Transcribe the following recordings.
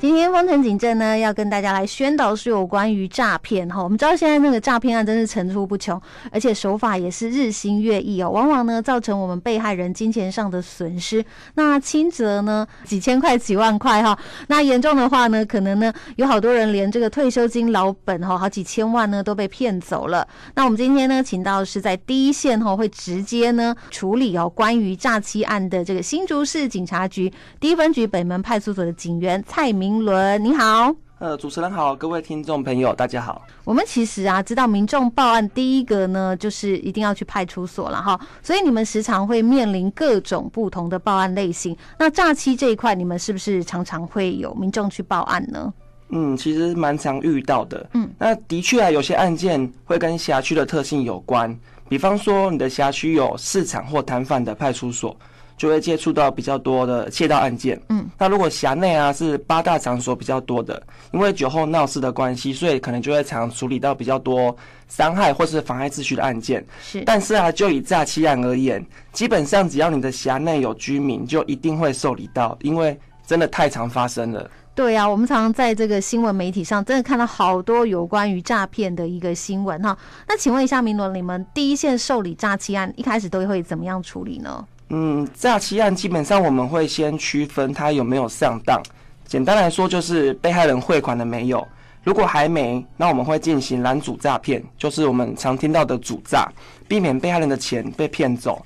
今天風城警政呢，要跟大家來宣導是有關於詐騙哈。我們知道現在那個詐騙案真是層出不窮，而且手法也是日新月異哦。往往呢，造成我們被害人金錢上的損失，那輕則呢幾千塊幾萬塊哈，那嚴重的話呢，可能呢有好多人連這個退休金、老本哈，好幾千萬呢都被騙走了。那我們今天呢，請到的是在第一線哈，會直接呢處理哦關於詐欺案的這個新竹市警察局第一分局北門派出所的警員蔡明。明倫，你好。呃，主持人好，各位聽眾朋友，大家好。我們其實啊，知道民眾報案，第一個呢，就是一定要去派出所了哈。所以你們時常會面臨各種不同的報案類型。那詐欺這一塊，你們是不是常常會有民眾去報案呢？嗯，其實蠻常遇到的。嗯，那的確啊，有些案件會跟轄區的特性有關。比方說，你的轄區有市場或攤販的派出所。就會接觸到比較多的竊盜案件。嗯，那如果轄內啊是八大場所比較多的，因為酒後鬧事的關係，所以可能就會常處理到比較多傷害或是妨害秩序的案件。是，但是啊，就以詐欺案而言，基本上只要你的轄內有居民，就一定會受理到，因為真的太常發生了。對啊，我們常常在這個新聞媒體上真的看到好多有關於詐騙的一個新聞哈。那請問一下明倫，你們第一線受理詐欺案一開始都會怎麼樣處理呢？嗯，詐欺案基本上我們會先區分他有沒有上當。簡單來說，就是被害人匯款了沒有？如果還沒，那我們會進行攔阻詐騙，就是我們常聽到的阻詐，避免被害人的錢被騙走。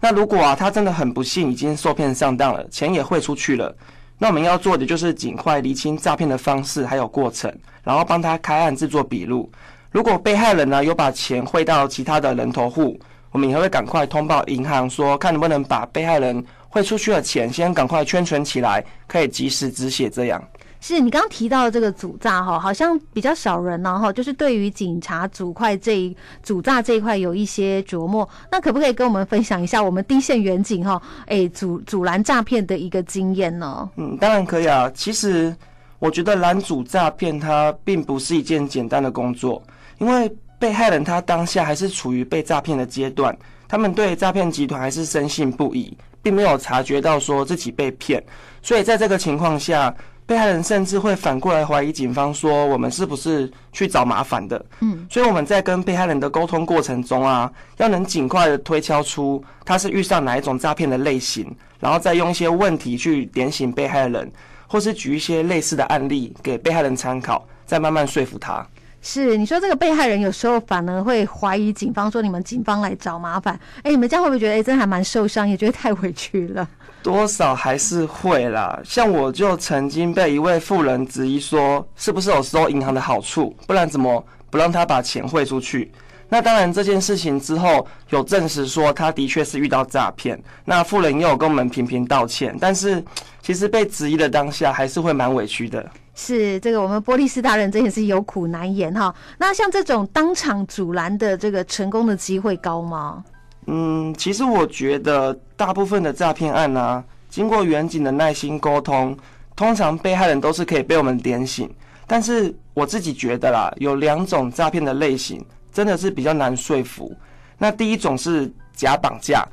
那如果啊，他真的很不幸已經受騙上當了，錢也匯出去了，那我們要做的就是盡快釐清詐騙的方式還有過程，然後幫他開案製作筆錄。如果被害人呢、啊、有把錢匯到其他的人頭戶。我們也會趕快通報銀行，說看能不能把被害人匯出去的錢先趕快圈存起來，可以及時止血這樣。是，你剛剛提到的這個主詐哈，好像比較少人呢、啊、哈，就是對於警察阻塊這一阻詐這一塊有一些琢磨。那可不可以跟我們分享一下我們第一線員警哈，哎、欸、阻阻攔詐騙的一個經驗呢？嗯，當然可以啊。其實我覺得攔阻詐騙它並不是一件簡單的工作，因為，被害人他當下還是處於被詐騙的階段，他們對詐騙集團還是深信不疑，並沒有察覺到說自己被騙。所以在這個情況下，被害人甚至會反過來懷疑警方說我們是不是去找麻煩的。嗯，所以我們在跟被害人的溝通過程中啊，要能盡快的推敲出他是遇上哪一種詐騙的類型，然後再用一些問題去點醒被害人，或是舉一些類似的案例給被害人參考，再慢慢說服他。是，你說這個被害人有時候反而會懷疑警方，說你們警方來找麻煩。哎、欸，你們這樣會不會覺得，哎、欸，真的還蠻受傷，也覺得太委屈了？多少還是會啦。像我就曾經被一位富人質疑說，是不是有收銀行的好處，不然怎麼不讓他把錢匯出去？那當然這件事情之後有證實說，他的確是遇到詐騙。那富人也有跟我們頻頻道歉，但是其實被質疑的當下，還是會蠻委屈的。是這個，我們波麗士大人真的是有苦難言哈。那像這種當場阻攔的，這個成功的機會高嗎？嗯，其實我覺得大部分的詐騙案啊，經過員警的耐心溝通，通常被害人都是可以被我們點醒。但是我自己覺得啦，有兩種詐騙的類型真的是比較難說服。那第一種是假綁架，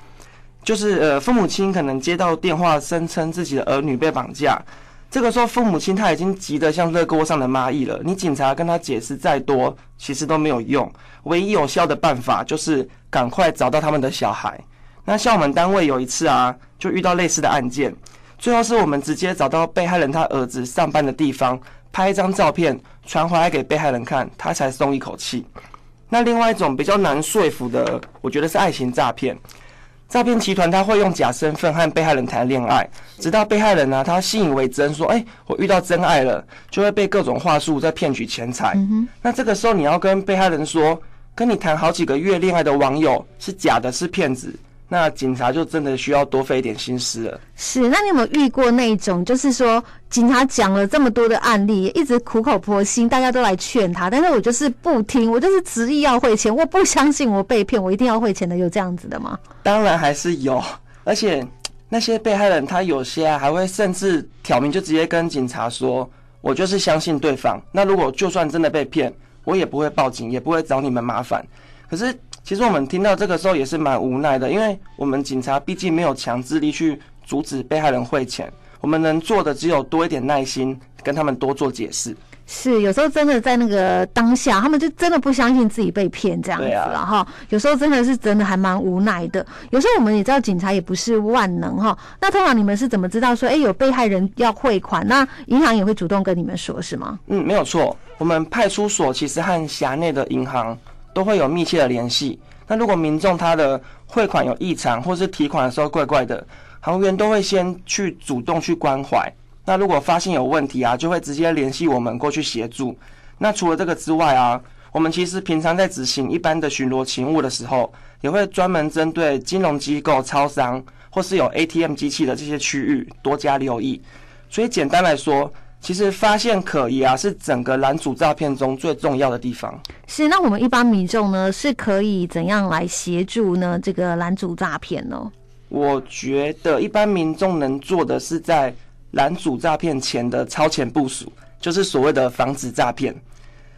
就是呃父母親可能接到電話，聲稱自己的兒女被綁架。這個時候，父母親他已經急得像熱鍋上的螞蟻了。你警察跟他解釋再多，其實都沒有用。唯一有效的辦法就是趕快找到他們的小孩。那像我們單位有一次啊，就遇到類似的案件，最後是我們直接找到被害人他兒子上班的地方，拍一張照片傳回來給被害人看，他才鬆一口氣。那另外一種比較難說服的，我覺得是愛情詐騙。詐騙集團他會用假身份和被害人談戀愛，直到被害人呢，他信以為真，說欸，我遇到真愛了，就會被各種話術在騙取錢財。那這個時候你要跟被害人說，跟你談好幾個月戀愛的網友是假的，是騙子。那警察就真的需要多費一點心思了。是，那你有沒有遇過那種，就是說警察講了這麼多的案例，一直苦口婆心，大家都來勸他，但是我就是不聽，我就是執意要匯錢，我不相信我被騙，我一定要匯錢的，有這樣子的嗎？當然還是有，而且那些被害人他有些啊，還會甚至挑明，就直接跟警察說，我就是相信對方，那如果就算真的被騙，我也不會報警，也不會找你們麻煩。可是。其實我們聽到這個時候也是蠻無奈的，因為我們警察畢竟沒有強制力去阻止被害人匯錢，我們能做的只有多一點耐心，跟他們多做解釋。是，有時候真的在那個當下，他們就真的不相信自己被騙這樣子了哈、啊。有時候真的是真的還蠻無奈的。有時候我們也知道警察也不是萬能哈。那通常你們是怎麼知道說，哎，有被害人要匯款？那銀行也會主動跟你們說，是嗎？嗯，沒有錯。我們派出所其實和轄內的銀行。都會有密切的聯繫。那如果民眾他的匯款有異常，或是提款的時候怪怪的，行員都會先去主動去關懷。那如果發現有問題啊，就會直接聯繫我們過去協助。那除了這個之外啊，我們其實平常在執行一般的巡邏勤務的時候，也會專門針對金融機構操，超商或是有 ATM 機器的這些區域多加留意。所以簡單來說，其實發現可疑啊，是整個攔阻詐騙中最重要的地方。是，那我們一般民眾呢，是可以怎樣來協助呢？這個攔阻詐騙哦？我覺得一般民眾能做的是在攔阻詐騙前的超前部署，就是所謂的防止詐騙。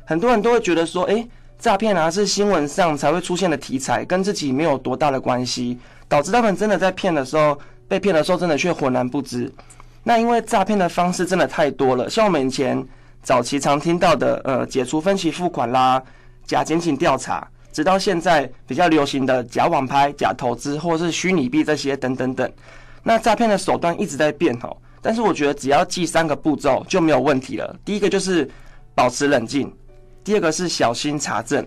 很多人都會覺得說，誒、欸，詐騙啊是新聞上才會出現的題材，跟自己沒有多大的關係，導致他們真的在騙的時候被騙的時候，真的卻渾然不知。那因為詐騙的方式真的太多了，像我們以前早期常聽到的，呃，解除分期付款啦，假檢警調查，直到現在比較流行的假網拍、假投資或者是虛擬幣這些等等等。那詐騙的手段一直在變哦，但是我覺得只要記三個步驟就沒有問題了。第一個就是保持冷靜，第二個是小心查證。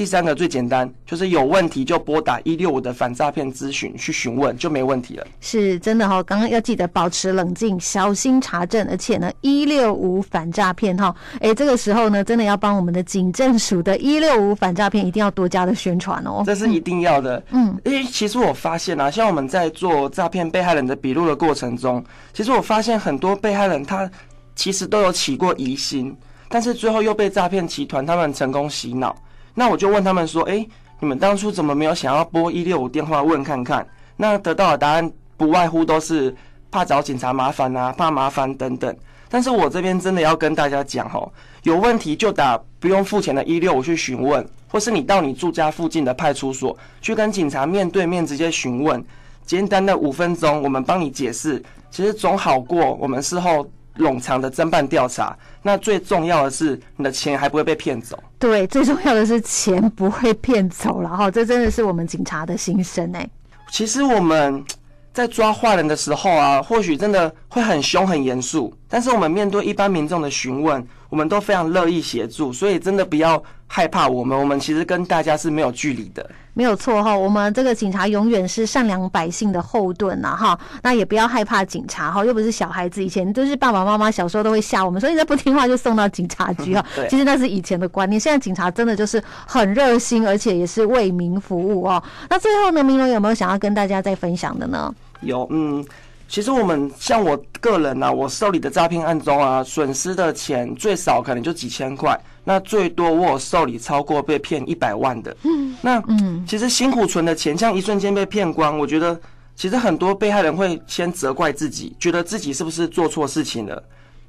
第三個最簡單，就是有問題就撥打一六五的反詐騙諮詢去詢問，就沒問題了。是真的哈、哦，剛剛要記得保持冷靜，小心查證，而且呢，一六五反詐騙哈，哎、哦欸，這個時候呢，真的要幫我們的警政署的一六五反詐騙，一定要多加的宣傳哦，這是一定要的。嗯，因為，嗯，欸，其實我發現啊，像我們在做詐騙被害人的筆錄的過程中，其實我發現很多被害人他其實都有起過疑心，但是最後又被詐騙集團他們成功洗腦。那我就問他們說：“誒，你們當初怎麼沒有想要撥一六五電話問看看？”那得到的答案不外乎都是怕找警察麻煩啊，怕麻煩等等。但是我這邊真的要跟大家講齁，有問題就打不用付錢的一六五去詢問，或是你到你住家附近的派出所去跟警察面對面直接詢問，簡單的五分鐘，我們幫你解釋，其實總好過我們事後。冗長的偵辦調查，那最重要的是你的錢還不會被騙走。對，最重要的是錢不會騙走，然後這真的是我們警察的心聲哎、欸。其實我們在抓壞人的時候啊，或許真的會很凶很嚴肅，但是我們面對一般民眾的詢問，我們都非常樂意協助，所以真的不要害怕我們，我們其實跟大家是沒有距離的。沒有錯哈、哦，我們這個警察永遠是善良百姓的後盾吶、啊、哈，那也不要害怕警察哈，又不是小孩子，以前都是爸爸媽媽小時候都會嚇我們，所以你在不聽話就送到警察局哈。對。其實那是以前的觀念，現在警察真的就是很熱心，而且也是為民服務哦。那最後呢，明倫有沒有想要跟大家再分享的呢？有，嗯，其實我們像我個人吶、啊，我受理的詐騙案中啊，損失的錢最少可能就幾千塊。那最多我受理超過被騙一百萬的，嗯，那嗯，其實辛苦存的錢，像一瞬間被騙光，我覺得其實很多被害人會先責怪自己，覺得自己是不是做錯事情了？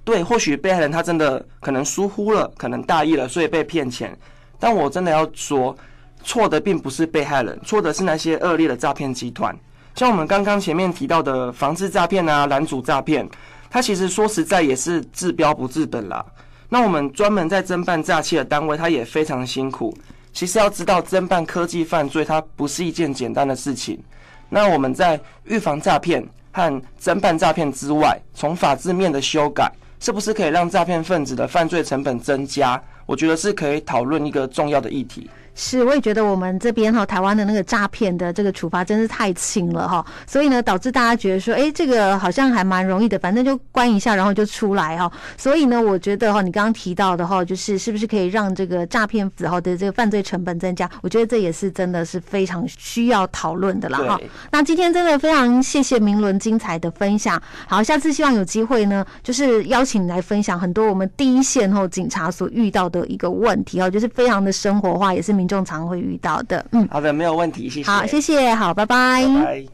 對，或許被害人他真的可能疏忽了，可能大意了，所以被騙錢。但我真的要說，錯的並不是被害人，錯的是那些惡劣的詐騙集團，像我們剛剛前面提到的防治詐騙啊、攔阻詐騙，他其實說實在也是治標不治本啦。那我們專門在偵辦詐欺的單位，它也非常辛苦。其實要知道偵辦科技犯罪，它不是一件簡單的事情。那我們在預防詐騙和偵辦詐騙之外，從法制面的修改，是不是可以讓詐騙分子的犯罪成本增加？我覺得是可以討論一個重要的議題。是，我也覺得我們這邊哈，台灣的那個詐騙的這個處罰真是太輕了哈，所以呢，導致大家覺得說，哎，這個好像還蠻容易的，反正就關一下，然後就出來哈。所以呢，我覺得哈，你剛剛提到的哈，就是是不是可以讓這個詐騙子哈的這個犯罪成本增加？我覺得這也是真的是非常需要討論的了哈、哦。那今天真的非常謝謝明倫精彩的分享。好，下次希望有機會呢，就是邀請你來分享很多我們第一線後警察所遇到的一個問題哦，就是非常的生活化，也是。民眾常會遇到的，嗯，好的，沒有問題，謝謝，好，謝謝，好，拜拜。拜拜。